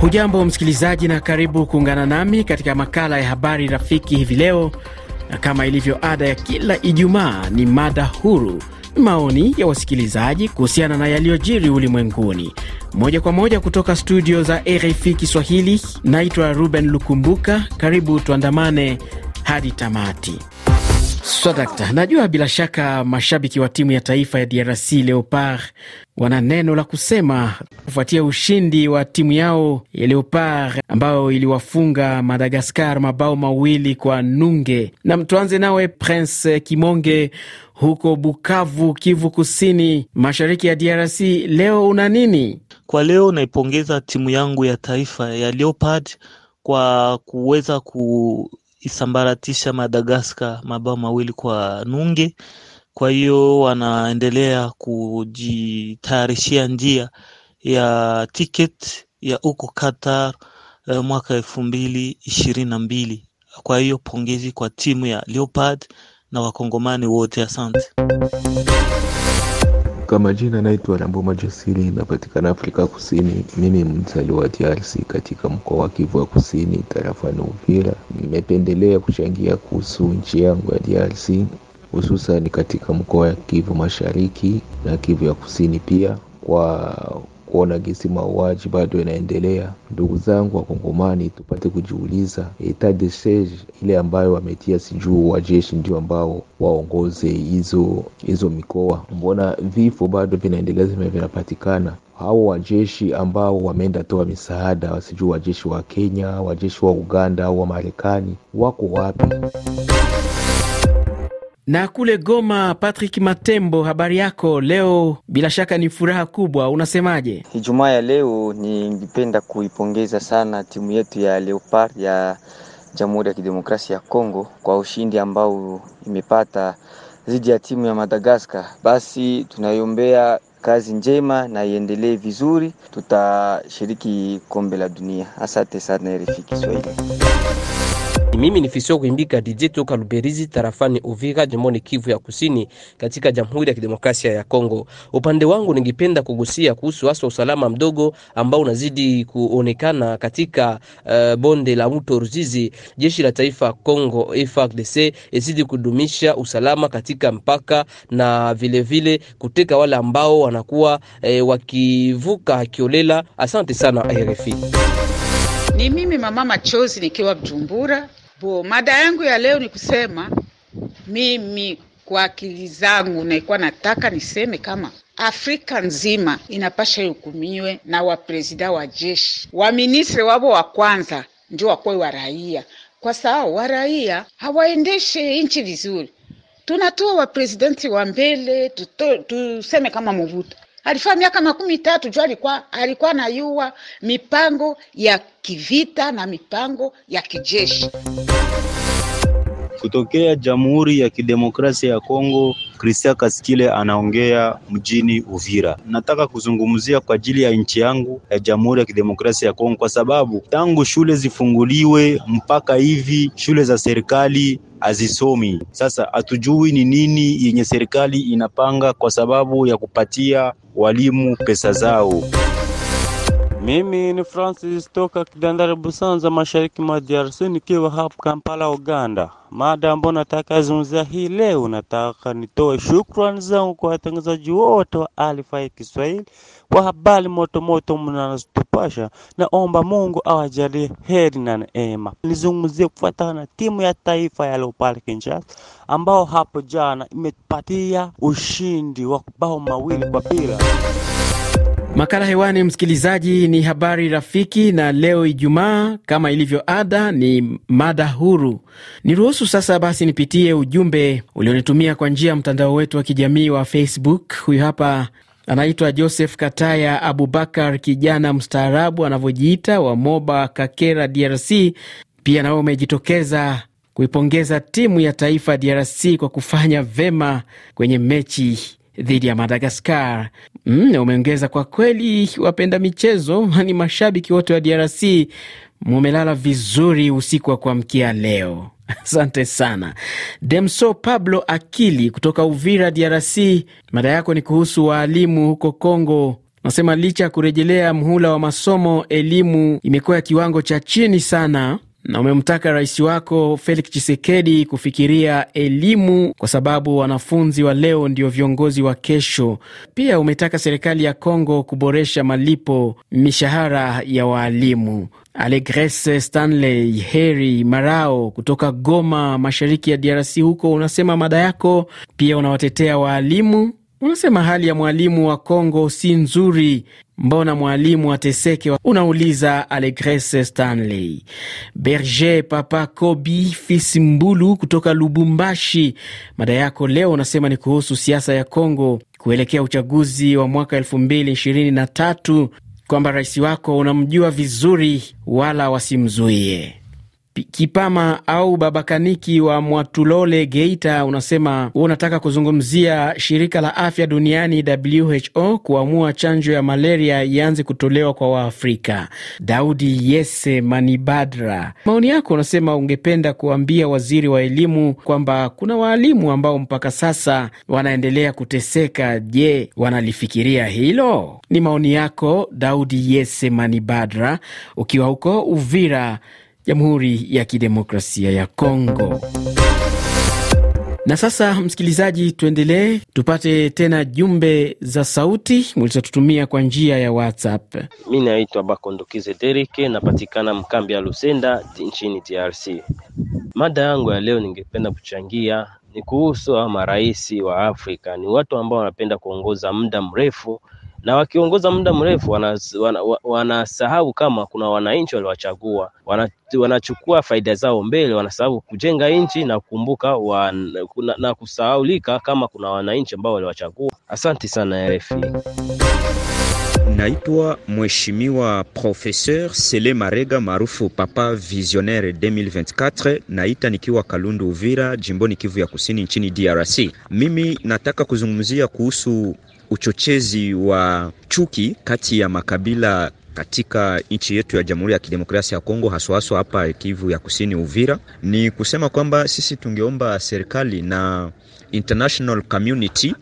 Hujambo msikilizaji, na karibu kuungana nami katika makala ya habari rafiki hivi leo, na kama ilivyo ada ya kila Ijumaa ni mada huru, maoni ya wasikilizaji kuhusiana na yaliyojiri ulimwenguni, moja kwa moja kutoka studio za RFI Kiswahili. Naitwa Ruben Lukumbuka, karibu tuandamane hadi tamati. Swadakta, najua bila shaka mashabiki wa timu ya taifa ya DRC Leopard wana neno la kusema kufuatia ushindi wa timu yao ya Leopard ambayo iliwafunga Madagaskar mabao mawili kwa nunge. Na mtuanze nawe Prince Kimonge huko Bukavu, Kivu Kusini, mashariki ya DRC. Leo una nini? Kwa leo naipongeza timu yangu ya taifa ya Leopard kwa kuweza ku isambaratisha Madagaskar mabao mawili kwa nunge. Kwa hiyo wanaendelea kujitayarishia njia ya tiket ya huko Qatar eh, mwaka elfu mbili ishirini na mbili. Kwa hiyo pongezi kwa timu ya Leopard na wakongomani wote, asante. Kwa majina naitwa Rambo Majasiri, napatikana Afrika Kusini. Mimi mzali wa DRC katika mkoa wa Kivu ya Kusini, tarafa Uvira. Nimependelea kuchangia kuhusu nchi yangu ya DRC, hususan katika mkoa wa Kivu Mashariki na Kivu ya Kusini pia kwa kuona gisi mauaji bado inaendelea. Ndugu zangu Wakongomani, tupate kujiuliza etat de siege ile ambayo wametia sijuu wajeshi ndio ambao waongoze hizo hizo mikoa. Mbona vifo bado vinaendelea vinapatikana? hao wajeshi ambao wameenda toa misaada, wasijui wajeshi wa Kenya, wajeshi wa Uganda au wa Marekani wako wapi? Na kule Goma, Patrick Matembo, habari yako leo? Bila shaka ni furaha kubwa, unasemaje? Ijumaa ya leo ningependa kuipongeza sana timu yetu ya Leopard ya Jamhuri ya Kidemokrasia ya Kongo kwa ushindi ambao imepata dhidi ya timu ya Madagaskar. Basi tunaiombea kazi njema na iendelee vizuri, tutashiriki kombe la dunia. Asante sana RFI Kiswahili. Mimi ni Fisio Kuimbika DJ toka Luberizi tarafani Uvira, jimboni Kivu ya Kusini, katika Jamhuri ya Kidemokrasia ya Kongo. Upande wangu, ningependa kugusia kuhusu hasa usalama mdogo ambao unazidi kuonekana katika uh, bonde la mto Ruzizi. Jeshi la Taifa Kongo FARDC izidi kudumisha usalama katika mpaka na vile vile kuteka wale ambao wanakuwa eh, wakivuka kiolela. Asante sana RFI. Ni mimi mama machozi nikiwa Bujumbura. Hapo mada yangu ya leo ni kusema mimi kwa akili zangu naikuwa nataka niseme kama Afrika nzima inapasha ihukumiwe na waprezida wa jeshi, waministri wavo wa kwanza ndio wakuwe wa raia, kwa sababu wa raia hawaendeshe nchi vizuri. Tunatoa wapresidenti wa mbele tuseme kama muvuta alifaa miaka makumi tatu juu alikuwa alikuwa anayua mipango ya kivita na mipango ya kijeshi kutokea Jamhuri ya Kidemokrasia ya Kongo. Kristia Kaskile anaongea mjini Uvira. Nataka kuzungumzia kwa ajili ya nchi yangu ya Jamhuri ya Kidemokrasia ya Kongo, kwa sababu tangu shule zifunguliwe mpaka hivi shule za serikali hazisomi. Sasa hatujui ni nini yenye serikali inapanga kwa sababu ya kupatia walimu pesa zao. Mimi ni Francis toka kidandari Busanza, mashariki mwa DRC, nikiwa hapa Kampala, Uganda. Mada ambayo nataka zungumzia hii leo, nataka nitoe shukrani zangu kwa watangazaji wote wa ya Kiswahili kwa habari motomoto mnazotupasha. Naomba Mungu awajalie heri na neema. Nizungumzie kufuatana na timu ya taifa ya Leopard Kinshasa ambao hapo jana imepatia ushindi wa kubao mawili kwa bila. Makala hewani, msikilizaji, ni habari rafiki, na leo Ijumaa, kama ilivyo ada, ni mada huru. Niruhusu sasa basi nipitie ujumbe ulionitumia kwa njia ya mtandao wetu wa kijamii wa Facebook. Huyu hapa anaitwa Joseph Kataya Abubakar, kijana mstaarabu anavyojiita, wa Moba Kakera, DRC. Pia nawe umejitokeza kuipongeza timu ya taifa DRC kwa kufanya vema kwenye mechi dhidi ya Madagascar. Mm, umeongeza kwa kweli, wapenda michezo ni mashabiki wote wa DRC mumelala vizuri usiku wa kuamkia leo. Asante sana Demso Pablo Akili kutoka Uvira, DRC. Mada yako ni kuhusu waalimu huko congo Nasema licha ya kurejelea mhula wa masomo, elimu imekuwa ya kiwango cha chini sana na umemtaka rais wako Felix chisekedi kufikiria elimu kwa sababu wanafunzi wa leo ndio viongozi wa kesho. Pia umetaka serikali ya Kongo kuboresha malipo mishahara ya waalimu. Alegrese Stanley Heri Marao kutoka Goma, mashariki ya DRC huko, unasema mada yako pia unawatetea waalimu Unasema hali ya mwalimu wa Kongo si nzuri, mbona mwalimu ateseke? Unauliza Alegrese Stanley Berger Papa Kobi Fisimbulu kutoka Lubumbashi. Mada yako leo unasema ni kuhusu siasa ya Kongo kuelekea uchaguzi wa mwaka elfu mbili ishirini na tatu kwamba rais wako unamjua vizuri, wala wasimzuie. Kipama au Babakaniki wa Mwatulole, Geita, unasema huo unataka kuzungumzia shirika la afya duniani WHO kuamua chanjo ya malaria ianze kutolewa kwa Waafrika. Daudi Yese Manibadra, maoni yako unasema ungependa kuambia waziri wa elimu kwamba kuna waalimu ambao mpaka sasa wanaendelea kuteseka. Je, wanalifikiria hilo? Ni maoni yako Daudi Yese Manibadra, ukiwa huko Uvira Jamhuri ya Kidemokrasia ya Kongo. Na sasa, msikilizaji, tuendelee tupate tena jumbe za sauti mlizotutumia kwa njia ya WhatsApp. Mi naitwa Bakondokize Derike, napatikana mkambi ya Lusenda nchini DRC. Mada yangu ya leo ningependa kuchangia ni kuhusu marais wa Afrika. Ni watu ambao wanapenda kuongoza muda mrefu na wakiongoza muda mrefu wanasahau wana, wana kama kuna wananchi waliwachagua, wana, wanachukua faida zao mbele, wanasahau kujenga nchi na kukumbuka na, kusahaulika kama kuna wananchi ambao waliwachagua. Asante sana RFI. Naitwa Mheshimiwa Professeur Sele Marega maarufu Papa Visionnaire 2024, naita nikiwa Kalundu Uvira, jimboni Kivu ya Kusini nchini DRC. Mimi nataka kuzungumzia kuhusu uchochezi wa chuki kati ya makabila katika nchi yetu ya Jamhuri ya Kidemokrasia ya Kongo, haswa haswa hapa Kivu ya Kusini, Uvira, ni kusema kwamba sisi tungeomba serikali na international community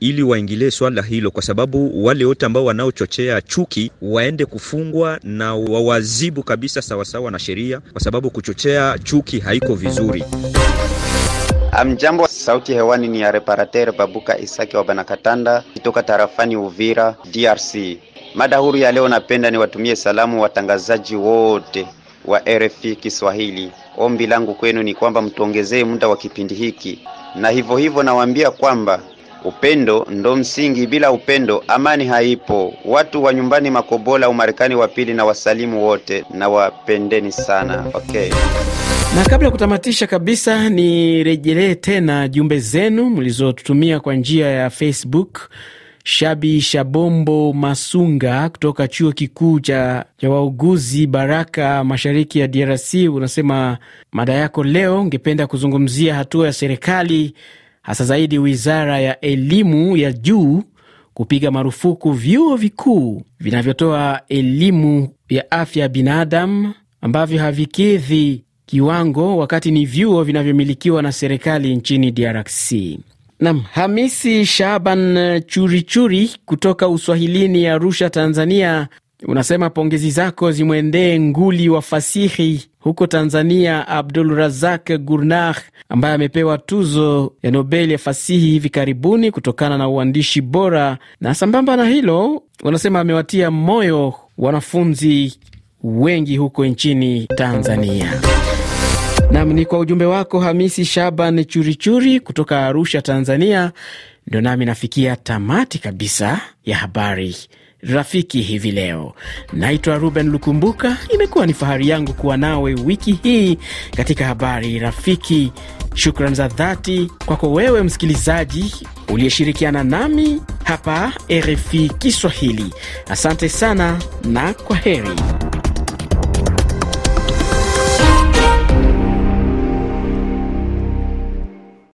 ili waingilie swala hilo, kwa sababu wale wote ambao wanaochochea chuki waende kufungwa na wawazibu kabisa, sawasawa na sheria, kwa sababu kuchochea chuki haiko vizuri. Amjambo, sauti hewani ni ya reparateur Babuka Isaki wa Banakatanda kutoka tarafani Uvira, DRC. Mada huru ya leo, napenda niwatumie salamu watangazaji wote wa RFI Kiswahili. Ombi langu kwenu ni kwamba mtuongezee muda wa kipindi hiki, na hivyo hivyo nawaambia kwamba upendo ndo msingi, bila upendo amani haipo. Watu wa nyumbani Makobola, Umarekani wa pili, na wasalimu wote na wapendeni sana. Okay. Na kabla ya kutamatisha kabisa, nirejelee tena jumbe zenu mlizotutumia kwa njia ya Facebook. Shabi Shabombo Masunga kutoka chuo kikuu cha ja wauguzi Baraka, mashariki ya DRC, unasema mada yako leo, ungependa kuzungumzia hatua ya serikali hasa zaidi wizara ya elimu ya juu kupiga marufuku vyuo vikuu vinavyotoa elimu ya afya ya binadamu ambavyo havikidhi kiwango, wakati ni vyuo vinavyomilikiwa na serikali nchini DRC. Nam Hamisi Shaban Churichuri Churi, kutoka Uswahilini Arusha, Tanzania, unasema pongezi zako zimwendee nguli wa fasihi huko Tanzania Abdul Razak Gurnah ambaye amepewa tuzo ya Nobel ya fasihi hivi karibuni kutokana na uandishi bora, na sambamba na hilo wanasema amewatia moyo wanafunzi wengi huko nchini Tanzania. Nam ni kwa ujumbe wako Hamisi Shaban Churichuri kutoka Arusha, Tanzania. Ndio nami nafikia tamati kabisa ya habari rafiki hivi leo. Naitwa Ruben Lukumbuka. Imekuwa ni fahari yangu kuwa nawe wiki hii katika habari rafiki. Shukran za dhati kwako wewe msikilizaji uliyeshirikiana nami hapa RFI Kiswahili. Asante sana na kwa heri.